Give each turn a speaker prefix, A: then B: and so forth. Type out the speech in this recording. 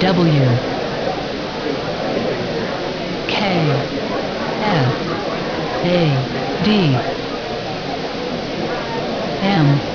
A: W K F
B: A D M